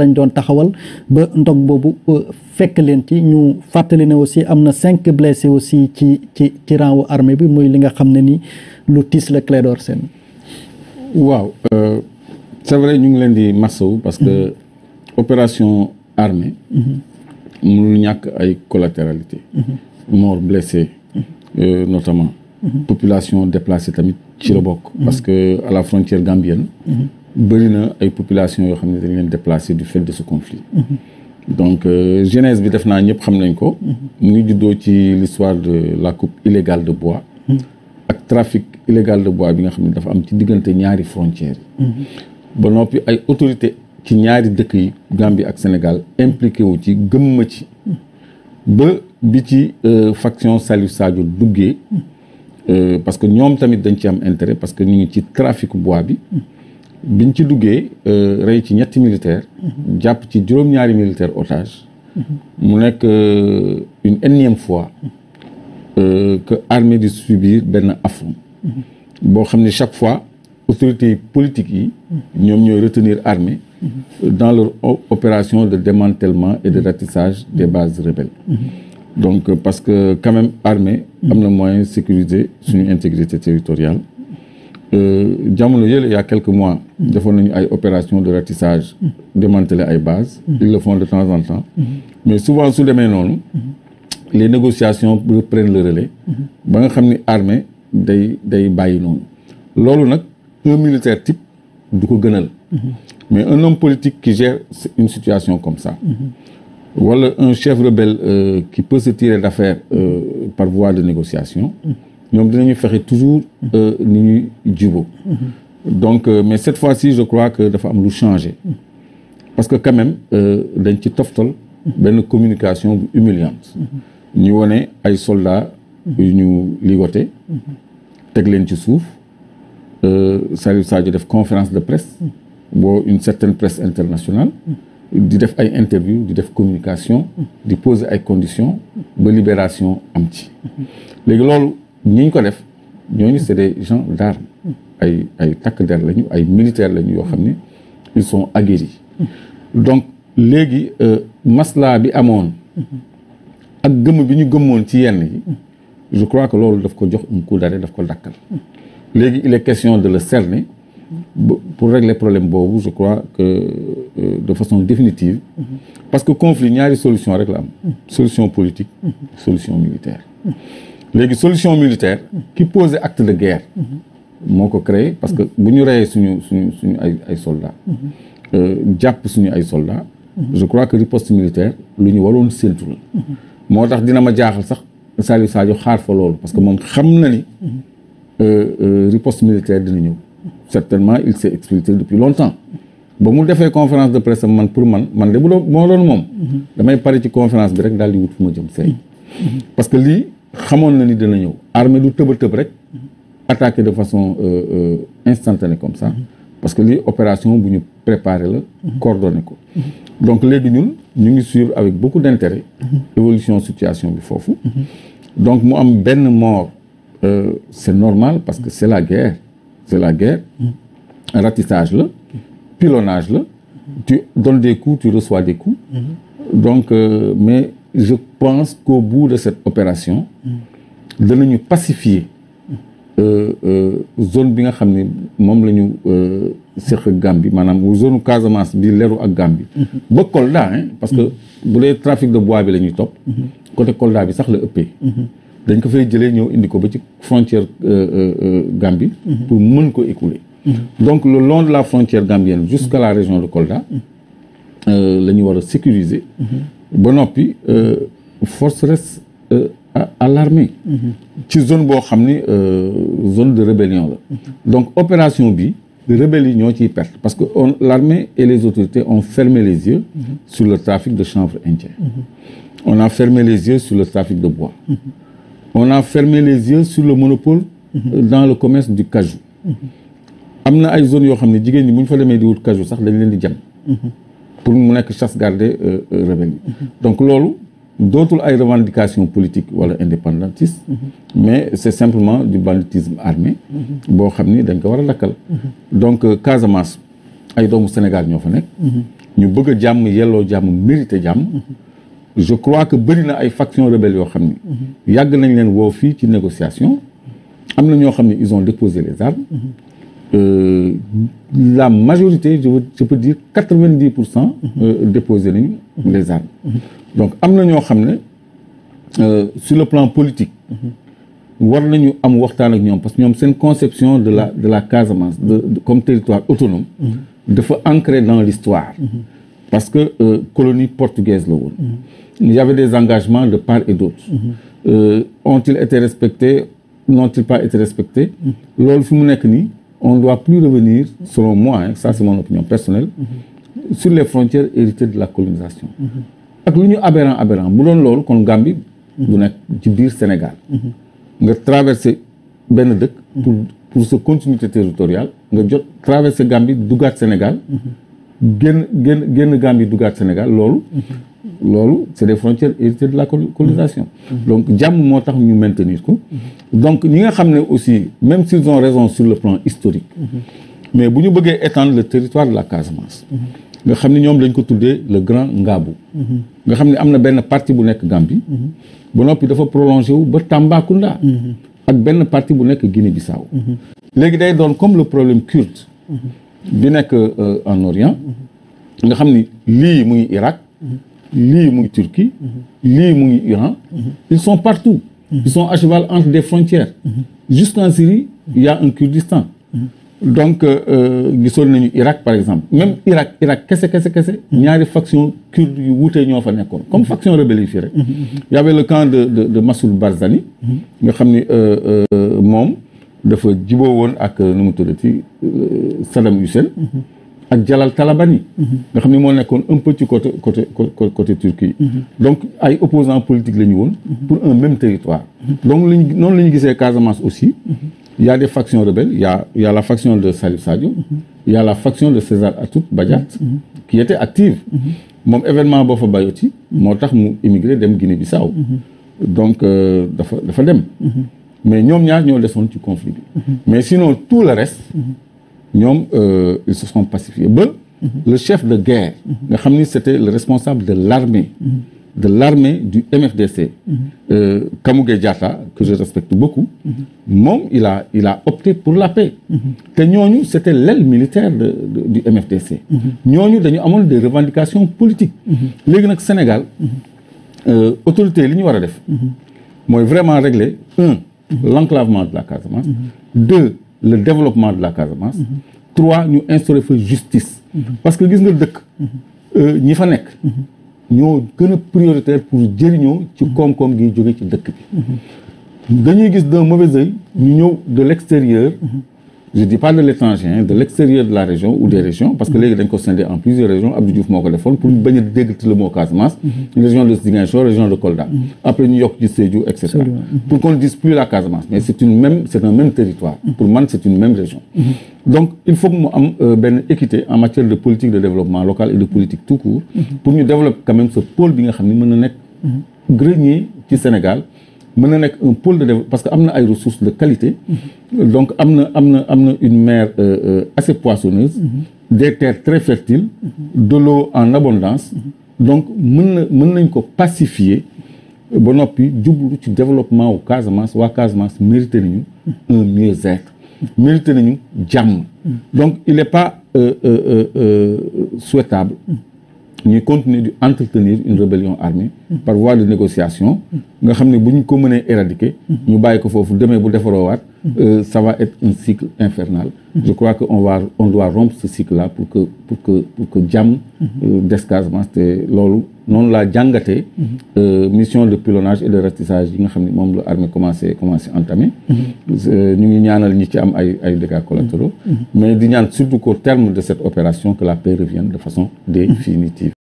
lañ doon taxawal ba ndog boobu fekk leen ci ñu fàttali ne aussi am na cinq blessés aussi ci ci ci wu armée bi muy li nga xam ne ni lu tiis la door seen waaw euh, c'est vrai ñu ngi leen di massawu parce que opération armée mënul ñàkk ay collatéralité mort blessé euh, notamment population déplacée tamit ci la bokk parce que à la frontière gambienne bëri na ay population yoo xam ne dañ leen déplacé du fait de ce conflit mm-hmm. donc genèse euh, bi def naa ñëpp xam nañ ko mm-hmm. mu ngi juddoo ci l'histoire de la coupe illégale de bois mm-hmm. ak trafic illégal de bois bi nga xam ne dafa am ci diggante ñaari frontières ba noppi ay autorité ci ñaari dëkk yi Gambie ak Sénégal impliqué wu ci gëm ci ba bi ci euh, faction Salif Sadio duggee euh, parce que ñoom tamit dañ ci am intérêt parce que ñu ngi ci trafic bois bi biñ ci duggee euh, rey ci ñetti militaire jàpp ci juróom-ñaari militaire otage mu nekk euh, une énième fois euh, que armée di subir benn affront boo xam ne chaque fois autorités politiques yi ñoom ñooy retenir armée dans leur opération de démantèlement et de ratissage des bases rebelles donc parce que quand même am na moyen sécuriser suñu intégrité territoriale Euh, jamono yële il quelque mois. defoon nañu ay opération de ratissage. démanteler ay bases. Mmh. ils le font de temps en temps. Mmh. mais souvent su demee noonu. Mmh. les négociation reprennent le relais. ba nga xam ni armée day day bàyyi noonu. loolu nag un militaire type du ko gënal. mais un homme politique ki gère une situation comme ça. wala un chef rebelle euh, qui peut se tirer d'affaire euh, par voie de négociation. ñoom dinañu fexe toujours mm-hmm. euh, ni ñuy jubóo mm-hmm. donc euh, mais cette fois-ci je crois que dafa am lu changé mm-hmm. parce que quand même euh, dañ ci toftal benn communication bu humiliante ñu wone ay soldats yu ñu ligoté teg leen ci suuf Salif Sadio def conférence de presse boo une certaine presse internationale di def ay interview di def communication di poser ay conditions ba libération am ci léegi loolu ñu ñi ko def ñooñu c'est des gens d'armes ay ay takk der lañu ay militaires lañu yoo xam ni ils sont aguerris donc léegi euh, maslaa bi amoon ak gëm bi ñu gëmoon ci yenn yi je crois que loolu daf ko jox un coup d'arrêt daf ko dakkal léegi il est question de le cerner pour régler problème boobu je crois que euh, de façon définitive parce que conflit ñaari solution rek la am solution politique solution militaire léegi solution militaire qui pose acte de guerre mhm. moo ko créé parce que bu ñu reyee suñu suñu suñu ay ay soldats mhm. euh, jàpp suñu ay soldats mhm. je crois que riposte militaire lu ñu waroon séntu la moo tax dina ma jaaxal sax Saliou Sadio xaar fa loolu parce que moom xam na ni euh, euh, riposte militaire dina ñëw certainement il s'est expliqué depuis longtemps ba mu defee conférence de presse man pour man man de bu doon moo doon moom damay pare ci conférence bi rek daal di wut fu ma jëm seey xamoon na ni dana ñëw armée du tëb a tëb rek attaqué de façon euh, euh comme sax parce que lii opération bu ñu préparé la coordonné ko donc léegi ñun ñu ngi suivre avec beaucoup d'intérêt évolution situation bi foofu donc mu am benn mort euh, c'est normal parce que c'est la guerre c'est la guerre ratissage la pilonage la tu donnes des coups tu reçois des coups donc euh, mais je pense qu'au bout de cette opération danañu pacifier euh, euh, zone bi nga xam ne moom la ñu euh, seq ak Gambie maanaam zone Casamance bi leru ak Gambie ba Kolda parce que bu dee trafic de bois bi la ñuy topp côté Kolda bi sax la ëppee dañ ko fay jëlee ñëw indi ko ba ci frontière Gambie pour mën ko écouler donc le long de la frontière gambienne jusqu'à la région de Kolda la ñu war a sécuriser ba noppi euh, force reste à euh, l'armée mm-hmm. ci zone boo xam ni euh, zone de rébellion la mm-hmm. donc opération bi rebelles yi ñoo ciy perte parce que on l'armée et les autorités ont fermé les yeux mm-hmm. sur le trafic de chanvre indien on a fermé les yeux sur le trafic de bois on a fermé les yeux sur le monopole dans le commerce du cajou am na ay zones yoo xam ne jigéen ñi bu ñu fa demee di wut cajou sax dañ leen di jam pour mu nekk sauvegarder euh, euh, rebelle yi mm-hmm. donc loolu dootul ay revendication politique wala indépendantiste mm-hmm. mais c'est simplement du banditisme armé mm-hmm. boo xam ni dañ ko war a lakkal donc euh, Casamance ay doomu Sénégal ñoo fa nekk ñu bëgg a jàmm yelloo jàmm mérité jàmm je crois que bëri na ay factions rebelles yoo xam ni yàgg nañ leen woo fii ci négociation am na ñoo xam ne ils ont déposé les armes Euh, la majorité, je, veux, je peux dire 90% mhm. euh, déposer les, mhm. les armes. Mhm. Donc, am na ñoo nous euh, sur le plan politique, nous avons am waxtaan ñoom parce que nous avons une conception de la, de la Casamance de, de, comme territoire autonome, de faire ancrer dans l'histoire. Parce que euh, colonie portugaise, là il y avait des engagements de part et d'autre. Euh, ont-ils été respectés N'ont-ils pas été respectés nekk -hmm. on ne doit plus revenir, selon moi, hein, ça c'est mon opinion personnelle, mhm. sur les frontières héritées de la colonisation. Mhm. ak lu ñu aberrant aberrant bu doon loolu kon Gambie mhm. du nekk ci biir Sénégal. nga traverser benn dëkk. pour pour sa continuité territoriale nga jot traverser Gambie dugaat Sénégal. génn génn génn Gambie dugaat Sénégal loolu. loolu c'est des frontières héritées de la colonisation mm-hmm. donc jàmm moo tax ñu maintenir ko mm-hmm. donc ñi nga xam ne aussi même s'ils ont raison sur le plan historique mm-hmm. mais bu ñu bëggee étendre le territoire de la Casamance nga xam ne ñoom lañ ko tuddee le grand Ngaabu nga xam ne am na benn partie bu nekk Gambie ba noppi dafa prolongé wu ba Tambacounda ak benn partie bu nekk Guinée-Bissau léegi day doon comme le problème kurde bi nekk euh, en Orient nga xam ni lii muy Irak lii mu ngi Turquie mhm. lii mu ngi Iran mhm. ils sont partout mhm. ils sont à cheval entre des frontières jusqu'en Syrie il y a un Kurdistan donc euh, euh, gisoon nañu Irak par exemple même Irak Irak kese kese kese ñaari faction kurde yu wuutee ñoo fa nekkoon comme faction rebelle yi fii rek y le camp de de de Massoul Barzani nga xam ni euh, moom dafa jiboo woon ak nu mu tuddati Saddam Hussein ak Jalal Talabani mhm. nga xam ne moo nekkoon un peu ci côté côté côté Turquie mhm. donc ay opposants politiques la ñu woon mhm. pour un même territoire donc lañ noonu la ñu gisee Casamance aussi il y a des factions rebelles il y a il la faction de Salif Sadio il la faction de César Atoute Badiate qui était active moom événement boo fa bayo ci moo tax mu immigré dem Guinée-Bissau donc euh, dafa dafa dem mais ñoom ñaar ñoo desoon ci conflit bi mais sinon ñoom euh, ils se sont pacifiés ba le chef de guerre nga xam ni c'était le responsable de l'armée de l'armée du MFDC euh, Kamougué Diatta que je respecte beaucoup moom il a il opté pour la paix te ñooñu c'était l'aile militaire de du MFDC ñooñu dañu amoon des revendications politiques léegi nag Sénégal euh, autorité li ñu war a def vraiment régler un l'enclavement de la Casamance le développement de la Casamance. Mhm. trois ñu instaurer fa justice. Mhm. parce que gis nga dëkk. Mhm. Euh, ñi fa nekk. ñoo gën a prioritaire pour jëriñoo ci koom-koom gi jóge ci dëkk bi. dañuy gis d'un mauvais œil ñu ñëw de l'extérieur. je dis pas de l'étranger hein, de l'extérieur de la région ou des régions parce que léegi dañ ko scindé en plusieurs régions Abdou Diouf moo Casamance mhm. région de Ziguinchor région de Kolda mhm. après ñu yokk ci Sédhiou et cetera mhm. pour qu'on dise plus la Casamance mais c'est un même territoire pour man c'est une même région donc il faut que euh, équité en matière de politique de développement local et de politique tout court pour ñu développer quand même na mën na nekk un pôle de développement parce que am na ay ressources de qualité mm-hmm. donc am na am na am na une mer euh, euh, assez poissonneuse mm-hmm. des terres très fertile mm-hmm. de l'eau en abondance donc mën na mën nañ ko pacifier ba noppi jublu ci développement wu Casamance waa Casamance mérité nañu un mieux-être mérité nañu jàmm donc il n'est pas euh, euh, euh ñuy continuer di entretenir une rébellion armée par voie de négociation nga xam ne bu ñu ko mënee éradiquer ñu bàyyi ko foofu demee bu defaroowaat euh, ça va être un cycle infernal je crois que on va on doit rompre ce cycle pour que pour que pour que jàmm euh, descasement te loolu noonu laa jàngatee. Mhm. Euh, mission de pilonnage et de ratissage yi nga xam ne moom la armée commencé commencé entamé. Mhm. Euh, ñu ngi ñaanal ñi ci am ay ay dégâts collatéraux. Mhm. mais di ñaan surtout qu'au terme de cette opération que la paix revienne de façon définitive.